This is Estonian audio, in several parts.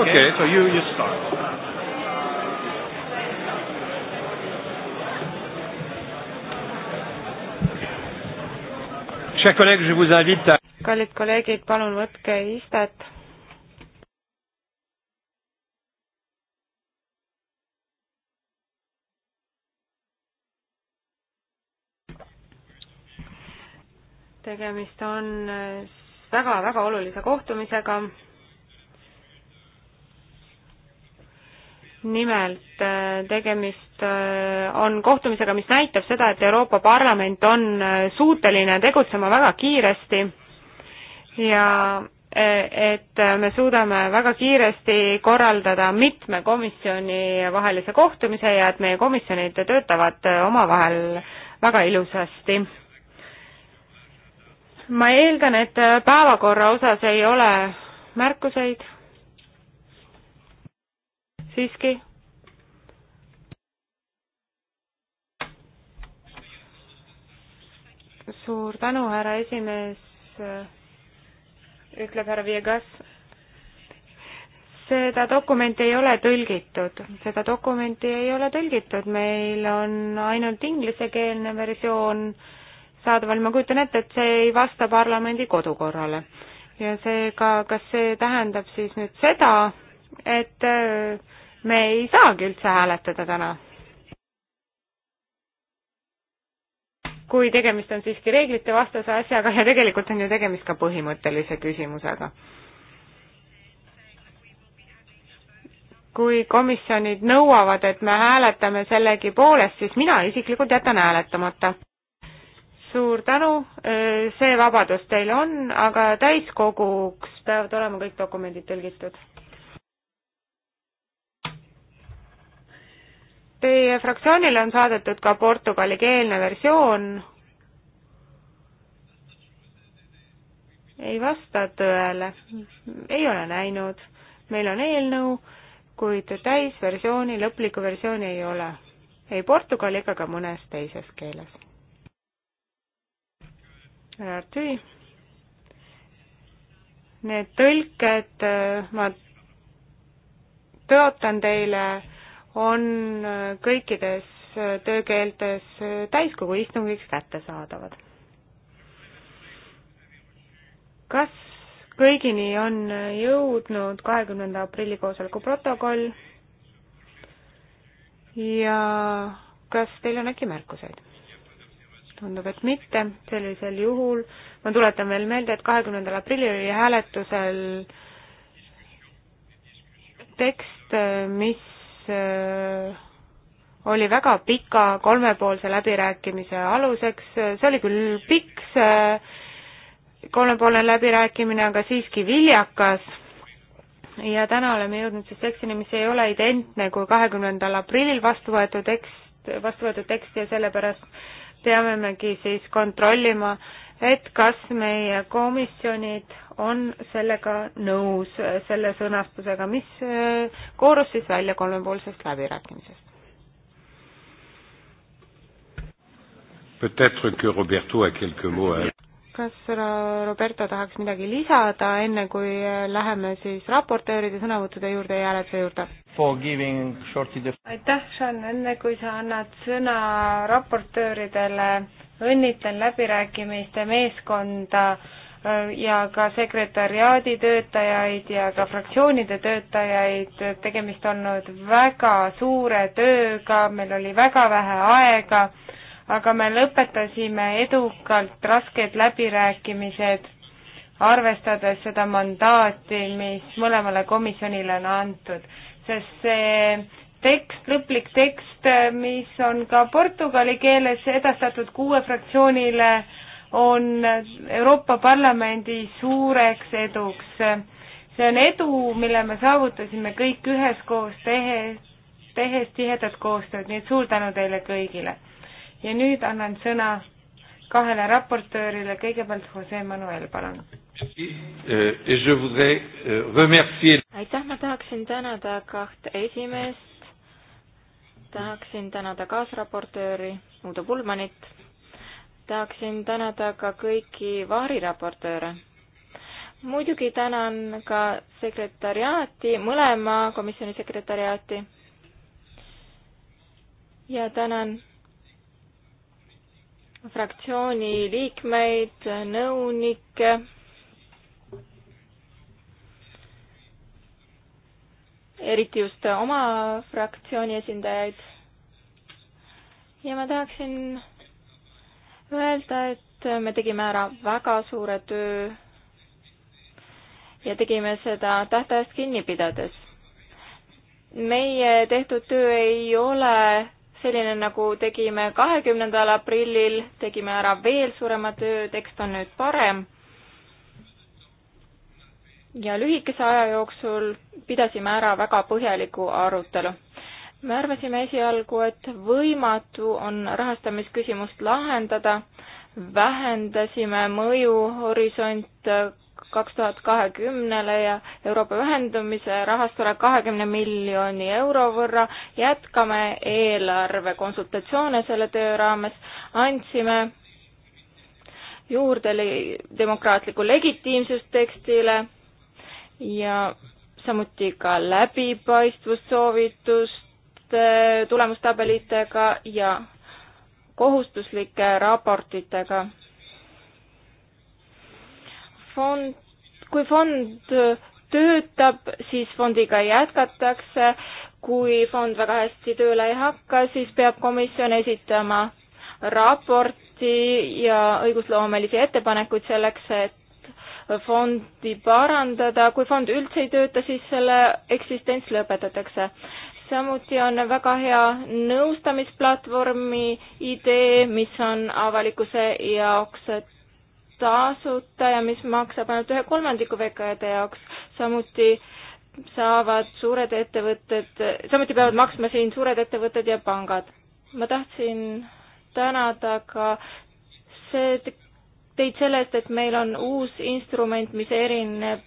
Okay, okay so you, you start. Chers collègues, je vous invite à... kallid kolleegid, palun võtke istet. tegemist on väga-väga äh, olulise kohtumisega nimelt äh, tegemist äh, on kohtumisega, mis näitab seda, et Euroopa Parlament on äh, suuteline tegutsema väga kiiresti ja e, et me suudame väga kiiresti korraldada mitme komisjoni vahelise kohtumise ja et meie komisjonid töötavad omavahel väga ilusasti. ma eeldan, et päevakorra osas ei ole märkuseid siiski. suur tänu, härra esimees, ütleb härra Viegas. seda dokumenti ei ole tõlgitud, seda dokumenti ei ole tõlgitud, meil on ainult inglisekeelne versioon saadaval, ma kujutan ette, et see ei vasta parlamendi kodukorrale. ja seega, kas see tähendab siis nüüd seda, et äh, me ei saagi üldse hääletada täna. kui tegemist on siiski reeglite vastase asjaga ja tegelikult on ju tegemist ka põhimõttelise küsimusega. kui komisjonid nõuavad, et me hääletame sellegipoolest, siis mina isiklikult jätan hääletamata suur tänu, äh, see vabadus teil on, aga täiskoguks peavad olema kõik dokumendid tõlgitud Teie fraktsioonile on saadetud ka portugalikeelne versioon. ei vasta tõele, ei ole näinud. meil on eelnõu, kuid täisversiooni, lõplikku versiooni ei ole. ei portugali ega ka mõnes teises keeles. Artüi. Need tõlked ma tõotan teile on kõikides töökeeltes täiskogu istungiks kättesaadavad. kas kõigini on jõudnud kahekümnenda aprilli koosoleku protokoll ja kas teil on äkki märkuseid? tundub, et mitte, sellisel juhul ma tuletan veel meelde, et kahekümnendal aprillil oli hääletusel tekst, mis Äh, oli väga pika kolmepoolse läbirääkimise aluseks, see oli küll pikk, see kolmepoolne läbirääkimine, aga siiski viljakas ja täna oleme jõudnud siis tekstini, mis ei ole identne kui kahekümnendal aprillil vastu võetud tekst, vastu võetud tekst ja sellepärast peamegi siis kontrollima, et kas meie komisjonid on sellega nõus, selle sõnastusega, mis äh, koorus siis välja kolmepoolsest läbirääkimisest? kas Roberto tahaks midagi lisada, enne kui äh, läheme siis raportööride sõnavõttude juurde ja hääletuse juurde? aitäh, Sean, enne kui sa annad sõna raportööridele õnnitlen läbirääkimiste meeskonda äh, ja ka sekretariaadi töötajaid ja ka fraktsioonide töötajaid, tegemist olnud väga suure tööga, meil oli väga vähe aega, aga me lõpetasime edukalt rasked läbirääkimised, arvestades seda mandaati, mis mõlemale komisjonile on antud, sest see tekst, lõplik tekst, äh, mis on ka portugali keeles edastatud kuue fraktsioonile, on Euroopa Parlamendi suureks eduks. see on edu, mille me saavutasime kõik üheskoos tehes, tehes tihedat koostööd, nii et suur tänu teile kõigile. ja nüüd annan sõna kahele raportöörile, kõigepealt Jose Manuel, palun. Euh, aitäh, ma tahaksin tänada kahte esimeest tahaksin tänada kaasraportööri Uudo Pulmanit, tahaksin tänada ka kõiki vaariraportööre. muidugi tänan ka sekretariaati, mõlema komisjoni sekretariaati. ja tänan fraktsiooni liikmeid, nõunikke eriti just oma fraktsiooni esindajaid. ja ma tahaksin öelda, et me tegime ära väga suure töö ja tegime seda tähtajast kinni pidades. meie tehtud töö ei ole selline, nagu tegime kahekümnendal aprillil, tegime ära veel suurema töö, tekst on nüüd parem ja lühikese aja jooksul pidasime ära väga põhjaliku arutelu. me arvasime esialgu, et võimatu on rahastamisküsimust lahendada, vähendasime mõju Horisont kaks tuhat kahekümnele ja Euroopa ühendamise rahastule kahekümne miljoni euro võrra, jätkame eelarvekonsultatsioone selle töö raames, andsime juurde demokraatlikku legitiimsust tekstile ja samuti ka läbipaistvussoovituste tulemustabelitega ja kohustuslike raportitega. fond, kui fond töötab, siis fondiga jätkatakse, kui fond väga hästi tööle ei hakka, siis peab komisjon esitama raporti ja õigusloomelisi ettepanekuid selleks, et fondi parandada, kui fond üldse ei tööta, siis selle eksistents lõpetatakse. samuti on väga hea nõustamisplatvormi idee, mis on avalikkuse jaoks tasuta ja mis maksab ainult ühe kolmandiku VKD jaoks, samuti saavad suured ettevõtted, samuti peavad maksma siin suured ettevõtted ja pangad. ma tahtsin tänada ka see, teid selle eest, et meil on uus instrument, mis erineb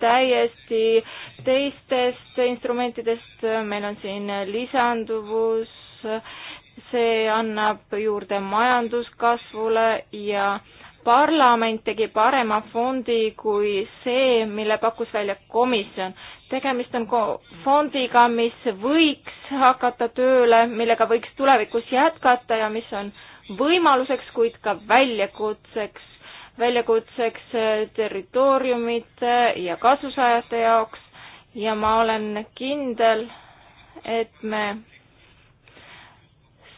täiesti teistest instrumentidest, meil on siin lisanduvus, see annab juurde majanduskasvule ja parlament tegi parema fondi kui see, mille pakkus välja komisjon. tegemist on fondiga, mis võiks hakata tööle, millega võiks tulevikus jätkata ja mis on võimaluseks, kuid ka väljakutseks väljakutseks eh, territooriumite ja kasusaajate jaoks ja ma olen kindel, et me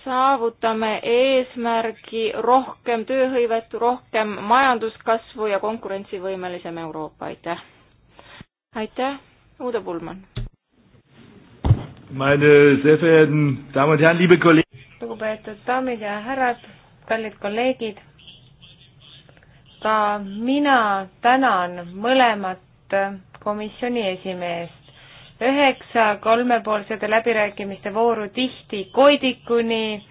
saavutame eesmärgi rohkem tööhõivet, rohkem majanduskasvu ja konkurentsivõimelisem Euroopa, aitäh! aitäh, Uudo Pulman! lugupeetud daamid ja härrad, kallid kolleegid ka mina tänan mõlemat komisjoni esimeest. üheksa kolmepoolsete läbirääkimiste vooru tihti koidikuni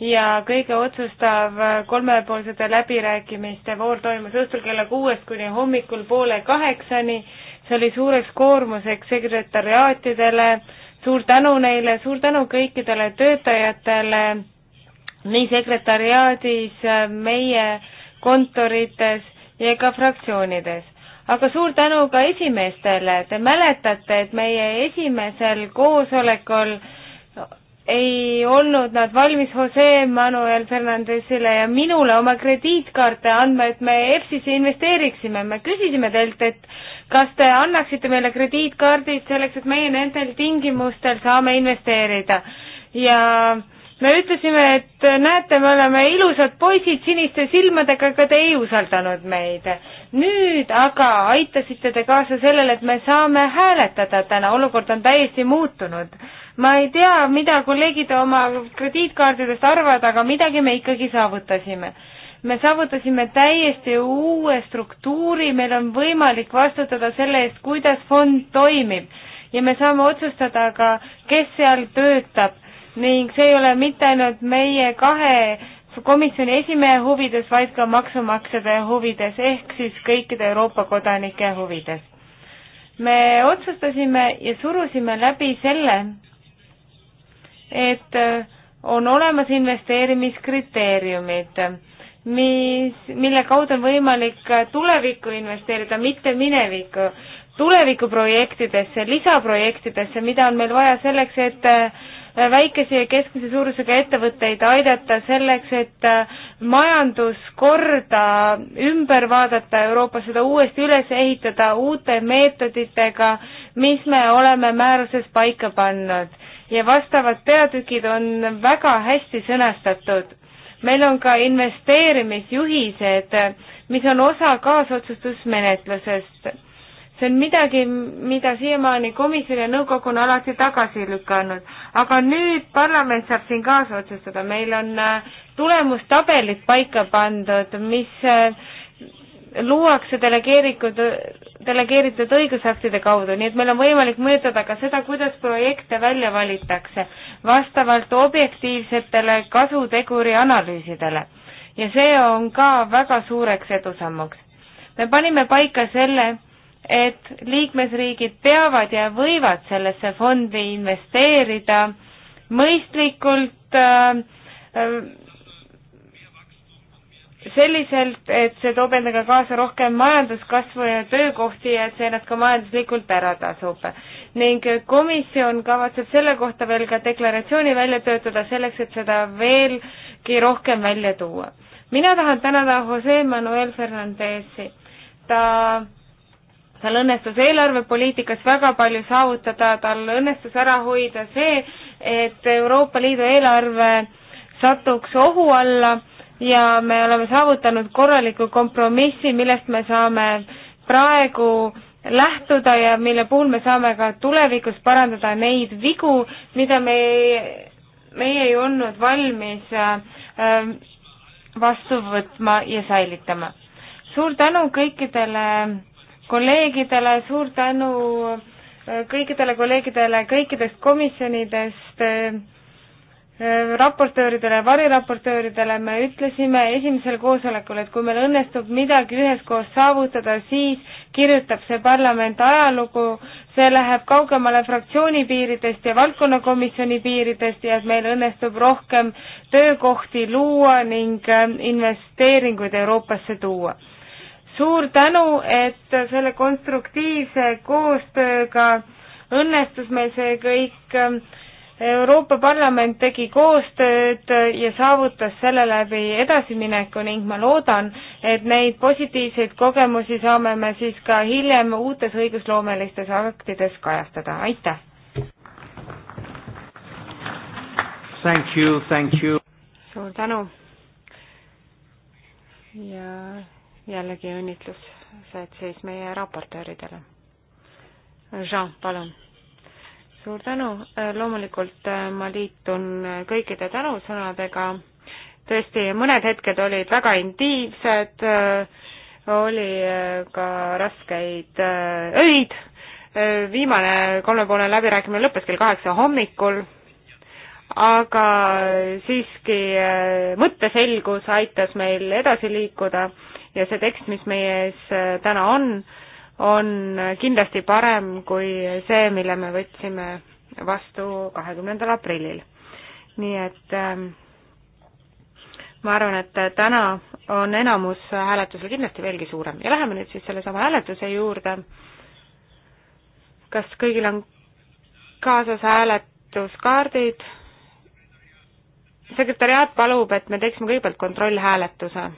ja kõige otsustav kolmepoolsete läbirääkimiste voor toimus õhtul kella kuuest kuni hommikul poole kaheksani. see oli suureks koormuseks sekretariaatidele. suur tänu neile, suur tänu kõikidele töötajatele nii sekretariaadis meie äh, kontorites ja ka fraktsioonides. aga suur tänu ka esimeestele, te mäletate, et meie esimesel koosolekul ei olnud nad valmis Jose Manuel Fernandesile ja minule oma krediitkaarte andma, et me EFSisse investeeriksime. me küsisime teilt, et kas te annaksite meile krediitkaardid selleks, et meie nendel tingimustel saame investeerida ja äh, me ütlesime, et näete, me oleme ilusad poisid siniste silmadega, aga te ei usaldanud meid. nüüd aga aitasite te kaasa sellele, et me saame hääletada täna, olukord on täiesti muutunud. ma ei tea, mida kolleegid oma krediitkaardidest arvavad, aga midagi me ikkagi saavutasime me saavutasime täiesti uue struktuuri, meil on võimalik vastutada selle eest, kuidas fond toimib ja me saame otsustada ka, kes seal töötab ning see ei ole mitte ainult meie kahe komisjoni esimehe huvides, vaid ka maksumaksjate huvides ehk siis kõikide Euroopa kodanike huvides. me otsustasime ja surusime läbi selle, et on olemas investeerimiskriteeriumid, mis, mille kaudu on võimalik tulevikku investeerida, mitte minevikku tulevikuprojektidesse, lisaprojektidesse, mida on meil vaja selleks, et äh, väikese ja keskmise suurusega ettevõtteid aidata selleks, et äh, majanduskorda ümber vaadata Euroopas, seda uuesti üles ehitada uute meetoditega, mis me oleme määruses paika pannud. ja vastavad peatükid on väga hästi sõnastatud. meil on ka investeerimisjuhised, mis on osa kaasotsustusmenetlusest see on midagi, mida siiamaani komisjon ja nõukogu on alati tagasi lükanud. aga nüüd parlament saab siin kaasa otsustada, meil on äh, tulemustabelid paika pandud, mis äh, luuakse delegeeritud, delegeeritud õigusaktide kaudu, nii et meil on võimalik mõjutada ka seda, kuidas projekte välja valitakse vastavalt objektiivsetele kasuteguri analüüsidele. ja see on ka väga suureks edusammuks. me panime paika selle, et liikmesriigid peavad ja võivad sellesse fondi investeerida mõistlikult äh, selliselt, et see toob endaga kaasa rohkem majanduskasvu ja töökohti ja et see ennast ka majanduslikult ära tasub. ning komisjon kavatseb selle kohta veel ka deklaratsiooni välja töötada selleks, et seda veelgi rohkem välja tuua. mina tahan tänada Jose Manuel Fernandesi. ta tal õnnestus eelarvepoliitikas väga palju saavutada, tal õnnestus ära hoida see, et Euroopa Liidu eelarve satuks ohu alla ja me oleme saavutanud korraliku kompromissi, millest me saame praegu lähtuda ja mille puhul me saame ka tulevikus parandada neid vigu, mida me, meie ei olnud valmis ähm, vastu võtma ja säilitama. suur tänu kõikidele kolleegidele, suur tänu äh, kõikidele kolleegidele kõikidest komisjonidest, äh, raportööridele, variraportööridele, me ütlesime esimesel koosolekul, et kui meil õnnestub midagi üheskoos saavutada, siis kirjutab see parlament ajalugu, see läheb kaugemale fraktsiooni piiridest ja valdkonnakomisjoni piiridest ja et meil õnnestub rohkem töökohti luua ning äh, investeeringuid Euroopasse tuua suur tänu, et selle konstruktiivse koostööga õnnestus meil see kõik. Euroopa Parlament tegi koostööd ja saavutas selle läbi edasimineku ning ma loodan, et neid positiivseid kogemusi saame me siis ka hiljem uutes õigusloomelistes aktides kajastada, aitäh! Thank you, thank you! suur tänu! ja jällegi õnnitlused siis meie raportööridele. Jean, palun. suur tänu, äh, loomulikult äh, ma liitun äh, kõikide tänusõnadega, tõesti, mõned hetked olid väga intiimsed, oli ka raskeid öid, viimane kolmepoolne läbirääkimine lõppes kell kaheksa hommikul aga siiski mõtteselgus aitas meil edasi liikuda ja see tekst, mis meie ees äh, täna on, on kindlasti parem kui see, mille me võtsime vastu kahekümnendal aprillil. nii et ähm, ma arvan, et äh, täna on enamus hääletusel kindlasti veelgi suurem ja läheme nüüd siis sellesama hääletuse juurde. kas kõigil on kaasas hääletuskaardid? sekretäriaat palub, et me teeksime kõigepealt kontrollhääletuse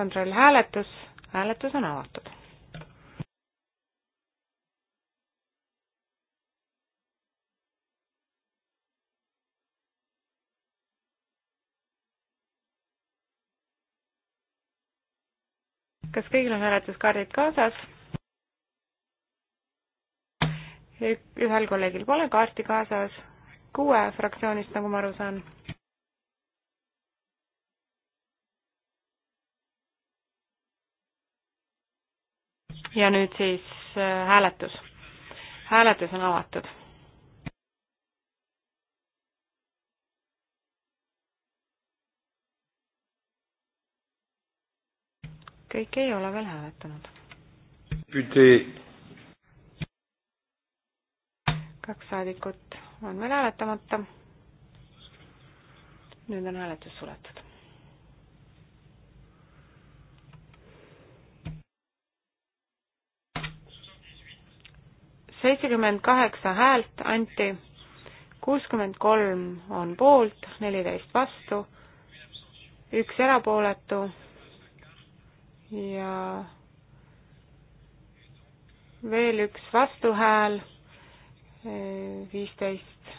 kontrollhääletus, hääletus on avatud. kas kõigil on hääletuskaardid kaasas? ühel kolleegil pole kaarti kaasas, kuue fraktsioonist, nagu ma aru saan ja nüüd siis äh, hääletus. hääletus on avatud. kõik ei ole veel hääletanud. kaks saadikut on veel hääletamata. nüüd on hääletus suletud seitsekümmend kaheksa häält anti, kuuskümmend kolm on poolt, neliteist vastu, üks erapooletu ja veel üks vastuhääl, viisteist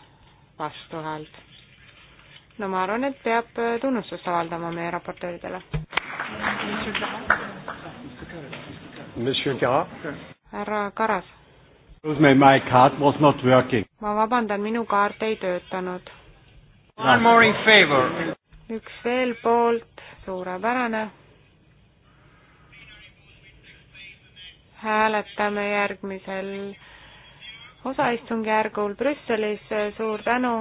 vastuhäält. no ma arvan, et peab tunnustust avaldama meie raportööridele. härra Karas ma vabandan, minu kaart ei töötanud. üks veel poolt, suurepärane. hääletame järgmisel osaistungjärgul Brüsselis, suur tänu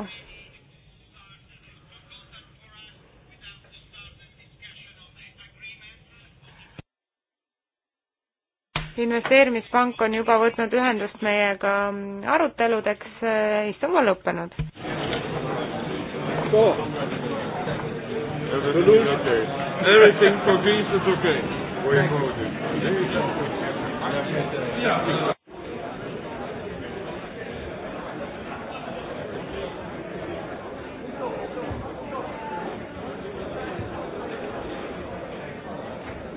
investeerimispank on juba võtnud ühendust meiega aruteludeks, istung on lõppenud. Everything for Greece is okay. We are voting. Yeah.